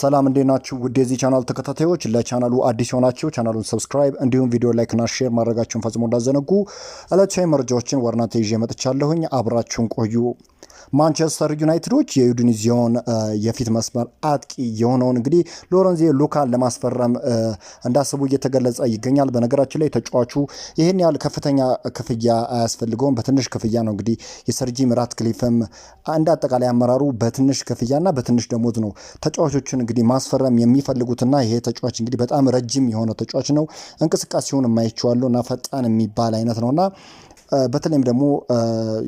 ሰላም እንዴት ናችሁ? ውድ የዚህ ቻናል ተከታታዮች፣ ለቻናሉ አዲስ የሆናችሁ ቻናሉን ሰብስክራይብ እንዲሁም ቪዲዮ ላይክና ሼር ማድረጋችሁን ፈጽሞ እንዳዘነጉ ዕለታዊ መረጃዎችን ወርናንተ ይዤ መጥቻለሁኝ። አብራችሁን ቆዩ። ማንቸስተር ዩናይትዶች የዩድኒዚዮን የፊት መስመር አጥቂ የሆነውን እንግዲህ ሎረንዜ ሉካን ለማስፈረም እንዳስቡ እየተገለጸ ይገኛል። በነገራችን ላይ ተጫዋቹ ይህን ያህል ከፍተኛ ክፍያ አያስፈልገውም። በትንሽ ክፍያ ነው እንግዲህ የሰርጂ ምራት ክሊፍም እንደ አጠቃላይ አመራሩ በትንሽ ክፍያና በትንሽ ደሞዝ ነው ተጫዋቾችን እንግዲህ ማስፈረም የሚፈልጉትና ይሄ ተጫዋች እንግዲህ በጣም ረጅም የሆነ ተጫዋች ነው። እንቅስቃሴውን የማይችዋለው እና ፈጣን የሚባል አይነት ነውና በተለይም ደግሞ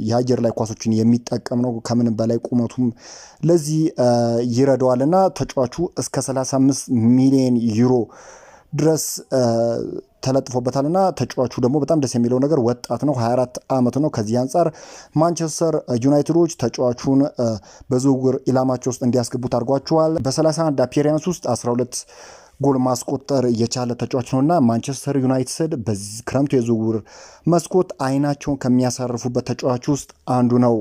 የአየር ላይ ኳሶችን የሚጠቀም ነው። ከምንም በላይ ቁመቱም ለዚህ ይረዳዋል እና ተጫዋቹ እስከ 35 ሚሊዮን ዩሮ ድረስ ተለጥፎበታል እና ተጫዋቹ ደግሞ በጣም ደስ የሚለው ነገር ወጣት ነው፣ 24 ዓመቱ ነው። ከዚህ አንጻር ማንቸስተር ዩናይትዶች ተጫዋቹን በዝውውር ኢላማቸው ውስጥ እንዲያስገቡት አድርጓቸዋል። በ31 አፒሪያንስ ውስጥ 12 ጎል ማስቆጠር የቻለ ተጫዋች ነውና ማንቸስተር ዩናይትድ በዚህ ክረምቱ የዝውውር መስኮት አይናቸውን ከሚያሳርፉበት ተጫዋች ውስጥ አንዱ ነው።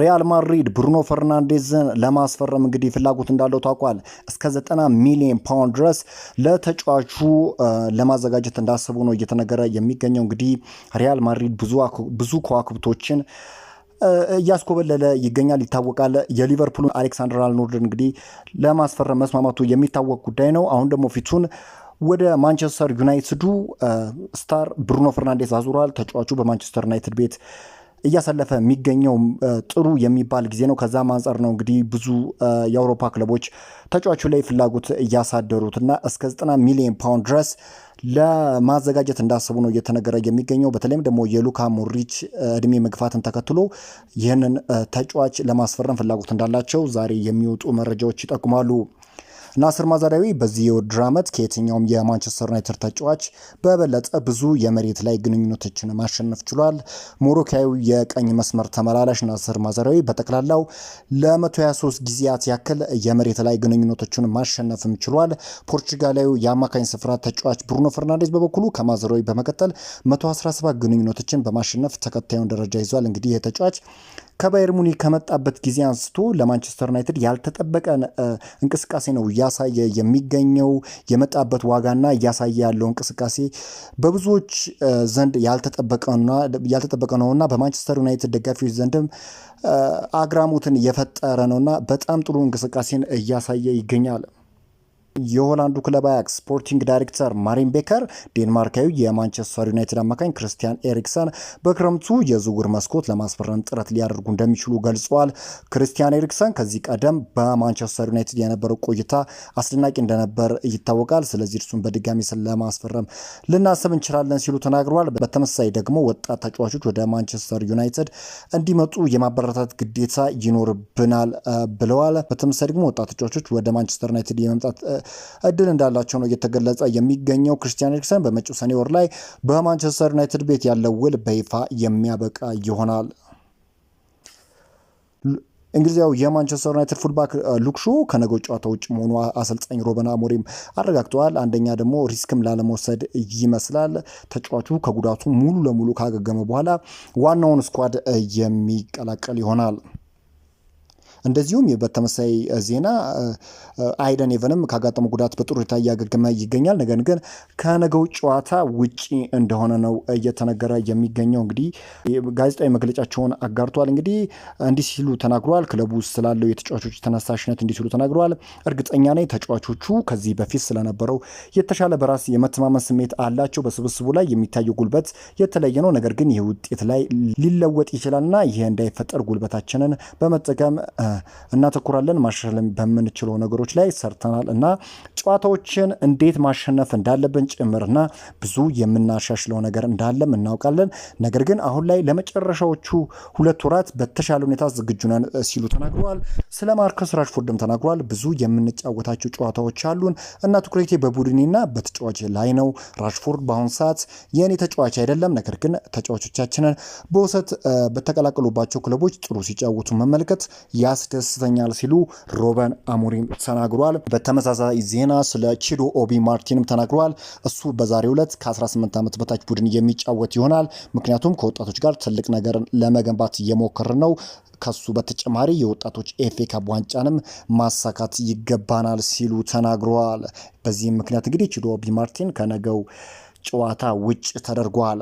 ሪያል ማድሪድ ብሩኖ ፈርናንዴዝን ለማስፈረም እንግዲህ ፍላጎት እንዳለው ታውቋል። እስከ 90 ሚሊዮን ፓውንድ ድረስ ለተጫዋቹ ለማዘጋጀት እንዳሰቡ ነው እየተነገረ የሚገኘው። እንግዲህ ሪያል ማድሪድ ብዙ ከዋክብቶችን እያስኮበለለ ይገኛል ይታወቃል። የሊቨርፑል አሌክሳንደር አልኖርድን እንግዲህ ለማስፈረም መስማማቱ የሚታወቅ ጉዳይ ነው። አሁን ደግሞ ፊቱን ወደ ማንቸስተር ዩናይትዱ ስታር ብሩኖ ፈርናንዴስ አዙሯል። ተጫዋቹ በማንቸስተር ዩናይትድ ቤት እያሳለፈ የሚገኘው ጥሩ የሚባል ጊዜ ነው። ከዛም አንጻር ነው እንግዲህ ብዙ የአውሮፓ ክለቦች ተጫዋቹ ላይ ፍላጎት እያሳደሩት እና እስከ 90 ሚሊዮን ፓውንድ ድረስ ለማዘጋጀት እንዳሰቡ ነው እየተነገረ የሚገኘው። በተለይም ደግሞ የሉካ ሞድሪች እድሜ መግፋትን ተከትሎ ይህንን ተጫዋች ለማስፈረም ፍላጎት እንዳላቸው ዛሬ የሚወጡ መረጃዎች ይጠቁማሉ። ናስር ማዛሪያዊ በዚህ የውድድር ዓመት ከየትኛውም የማንቸስተር ዩናይትድ ተጫዋች በበለጠ ብዙ የመሬት ላይ ግንኙነቶችን ማሸነፍ ችሏል። ሞሮካዊ የቀኝ መስመር ተመላላሽ ናስር ማዛሪያዊ በጠቅላላው ለ123 ጊዜያት ያክል የመሬት ላይ ግንኙነቶችን ማሸነፍም ችሏል። ፖርቹጋላዊው የአማካኝ ስፍራ ተጫዋች ብሩኖ ፈርናንዴዝ በበኩሉ ከማዛሪያዊ በመቀጠል 117 ግንኙነቶችን በማሸነፍ ተከታዩን ደረጃ ይዟል። እንግዲህ የተጫዋች ከባየር ሙኒክ ከመጣበት ጊዜ አንስቶ ለማንቸስተር ዩናይትድ ያልተጠበቀ እንቅስቃሴ ነው እያሳየ የሚገኘው። የመጣበት ዋጋና እያሳየ ያለው እንቅስቃሴ በብዙዎች ዘንድ ያልተጠበቀ ነውና በማንቸስተር ዩናይትድ ደጋፊዎች ዘንድም አግራሞትን የፈጠረ ነውና በጣም ጥሩ እንቅስቃሴን እያሳየ ይገኛል። የሆላንዱ ክለብ አያክስ ስፖርቲንግ ዳይሬክተር ማሪን ቤከር ዴንማርካዊ የማንቸስተር ዩናይትድ አማካኝ ክርስቲያን ኤሪክሰን በክረምቱ የዝውውር መስኮት ለማስፈረም ጥረት ሊያደርጉ እንደሚችሉ ገልጿል። ክርስቲያን ኤሪክሰን ከዚህ ቀደም በማንቸስተር ዩናይትድ የነበረው ቆይታ አስደናቂ እንደነበር ይታወቃል። ስለዚህ እርሱን በድጋሚ ስለማስፈረም ልናስብ እንችላለን ሲሉ ተናግረዋል። በተመሳይ ደግሞ ወጣት ተጫዋቾች ወደ ማንቸስተር ዩናይትድ እንዲመጡ የማበረታት ግዴታ ይኖርብናል ብለዋል። በተመሳይ ደግሞ ወጣት ተጫዋቾች ወደ ማንቸስተር ዩናይትድ የመምጣት እድል እንዳላቸው ነው እየተገለጸ የሚገኘው። ክርስቲያን ኤሪክሰን በመጪው ሰኔ ወር ላይ በማንቸስተር ዩናይትድ ቤት ያለው ውል በይፋ የሚያበቃ ይሆናል። እንግሊዛዊ የማንቸስተር ዩናይትድ ፉልባክ ሉክሹ ከነገ ጨዋታ ውጭ መሆኑ አሰልጣኝ ሮበን አሞሪም አረጋግጠዋል። አንደኛ ደግሞ ሪስክም ላለመውሰድ ይመስላል ተጫዋቹ ከጉዳቱ ሙሉ ለሙሉ ካገገመ በኋላ ዋናውን ስኳድ የሚቀላቀል ይሆናል። እንደዚሁም በተመሳይ ዜና አይደን ኤቨንም ካጋጠሙ ጉዳት በጥሩ ሁኔታ እያገገመ ይገኛል። ነገር ግን ከነገው ጨዋታ ውጪ እንደሆነ ነው እየተነገረ የሚገኘው። እንግዲህ ጋዜጣዊ መግለጫቸውን አጋርቷል። እንግዲህ እንዲህ ሲሉ ተናግሯል። ክለቡ ስላለው የተጫዋቾች ተነሳሽነት እንዲህ ሲሉ ተናግሯል። እርግጠኛ ነኝ ተጫዋቾቹ ከዚህ በፊት ስለነበረው የተሻለ በራስ የመተማመን ስሜት አላቸው። በስብስቡ ላይ የሚታየው ጉልበት የተለየ ነው። ነገር ግን ይህ ውጤት ላይ ሊለወጥ ይችላልና ይህ እንዳይፈጠር ጉልበታችንን በመጠቀም እናተኩራለን። ማሻሻል በምንችለው ነገሮች ላይ ሰርተናል እና ጨዋታዎችን እንዴት ማሸነፍ እንዳለብን ጭምርና ብዙ የምናሻሽለው ነገር እንዳለም እናውቃለን። ነገር ግን አሁን ላይ ለመጨረሻዎቹ ሁለት ወራት በተሻለ ሁኔታ ዝግጁ ነን ሲሉ ተናግረዋል። ስለ ማርከስ ራሽፎርድም ተናግረዋል። ብዙ የምንጫወታቸው ጨዋታዎች አሉን እና ትኩረቴ በቡድኔና በተጫዋች ላይ ነው። ራሽፎርድ በአሁኑ ሰዓት የእኔ ተጫዋች አይደለም፣ ነገር ግን ተጫዋቾቻችንን በውሰት በተቀላቀሉባቸው ክለቦች ጥሩ ሲጫወቱ መመልከት ያስደስተኛል ሲሉ ሮበን አሞሪም ተናግሯል። በተመሳሳይ ዜና ዜና ስለ ቺዶ ኦቢ ማርቲንም ተናግረዋል። እሱ በዛሬው ዕለት ከ18 ዓመት በታች ቡድን የሚጫወት ይሆናል። ምክንያቱም ከወጣቶች ጋር ትልቅ ነገር ለመገንባት እየሞከር ነው። ከሱ በተጨማሪ የወጣቶች ኤፌ ካፕ ዋንጫንም ማሳካት ይገባናል ሲሉ ተናግረዋል። በዚህም ምክንያት እንግዲህ ቺዶ ኦቢ ማርቲን ከነገው ጨዋታ ውጭ ተደርጓል።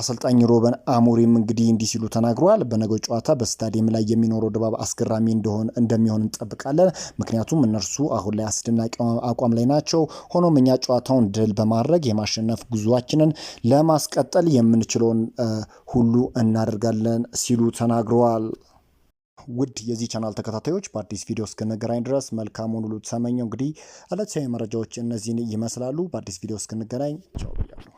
አሰልጣኝ ሮበን አሞሪም እንግዲህ እንዲህ ሲሉ ተናግረዋል። በነገው ጨዋታ በስታዲየም ላይ የሚኖረው ድባብ አስገራሚ እንደሆን እንደሚሆን እንጠብቃለን። ምክንያቱም እነርሱ አሁን ላይ አስደናቂ አቋም ላይ ናቸው። ሆኖም እኛ ጨዋታውን ድል በማድረግ የማሸነፍ ጉዟችንን ለማስቀጠል የምንችለውን ሁሉ እናደርጋለን ሲሉ ተናግረዋል። ውድ የዚህ ቻናል ተከታታዮች በአዲስ ቪዲዮ እስክንገናኝ ድረስ መልካም ሁሉ ተመኘው። እንግዲህ ዕለታዊ መረጃዎች እነዚህን ይመስላሉ። በአዲስ ቪዲዮ እስክንገናኝ ቻው ብያለሁ።